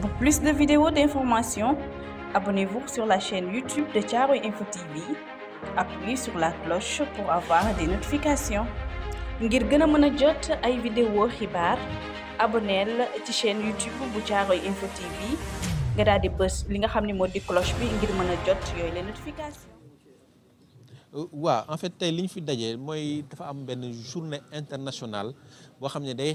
Pour plus de vidéos d'informations, abonnez-vous sur la chaîne YouTube de Charo Info TV. Appuyez sur la cloche pour avoir des notifications. ngir gëna a mën jot ay vidéo xibaar à ci chaîne YouTube de Charo info TV nga daal di bëss li nga xamni cloche bi ngir mëna jot les notifications. Oui, euh, en fait tey li fi journée internationale boo xam day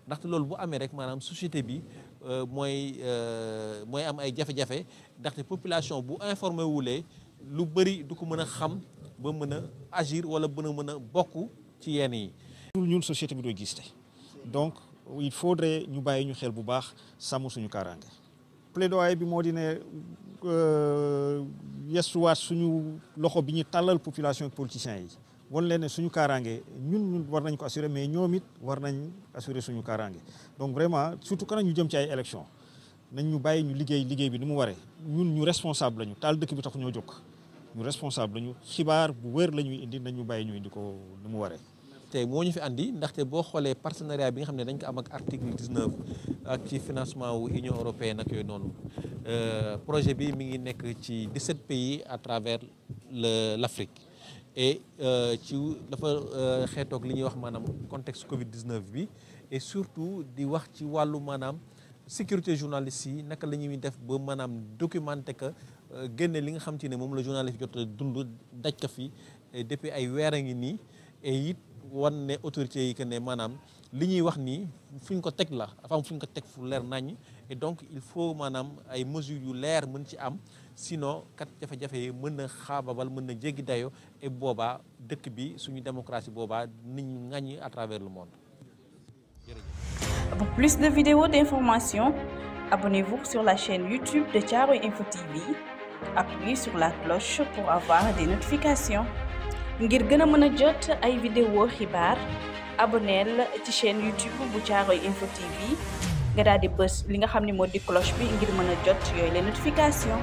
ndaxte loolu bu amee rek maanaam société bi euh, mooy euh, mooy am ay jafe-jafe ndaxte population bu informé wulee lu bëri du ko mën a xam ba mën a agir wala mën a mën a bokk ci yenn yi. ñun société bi doo gis te donc il faudrait ñu bàyyi ñu xel bu baax sàmm suñu kaaraange plaidoyer bi moo di ne euh, yestuwaat suñu loxo bi ñu tàllal population ak politiciens yi wan leen ne suñu kaaraange ñun ñun war nañ ko assurer mais ñoom it war nañ assurer suñu kaaraange donc vraiment surtout quand ñu jëm ci ay élections nañ ñu bàyyi ñu liggéey liggéey bi nu mu waree ñun ñu responsable lañu taal dëkk bi tax ñoo jóg ñu responsable lañu xibaar bu wér la ñuy indi nañ ñu bàyyi ñu indi ko ni mu waree. tey moo ñu fi andi ndaxte boo xoolee partenariat bi nga xam dañ ko am ak article 19 ak ci financement wu Union européenne ak yooyu noonu euh, projet bi mi ngi nekk ci 17 pays à travers le l'Afrique et euh, ci dafa euh, xeetoog li ñuy wax maanaam contexte Covid 19 bi et surtout di wax ci wàllu manam sécurité journaliste yi naka la ñuy def ba maanaam documenter que génne li nga xam te ne moom journaliste jot a dund daj ka fi depuis ay weer a et wan autorité autorités yi que ne maanaam li ñuy wax ni fuñ ko tek la afam fuñ ko tek fu leer naññ et donc il faut manam ay mesures yu lèr mën ci am sinon kat jafé jafé yi mën na xaababal mën na jéggi dayo et boba dëkk bi suñu démocratie boba nit ñi ŋàññi à travers le monde. Pour plus de vidéos d'information, abonnez-vous sur la chaîne YouTube de Tiaro Info TV. Appuyez sur la cloche pour avoir des notifications. ngir gën a mën a jot ay vidéo xibaar aboneel ci chaîne YouTube bu caaro info TV nga daal di bës li nga xam ne moo di cloche bi ngir mën a jot yooyu les notification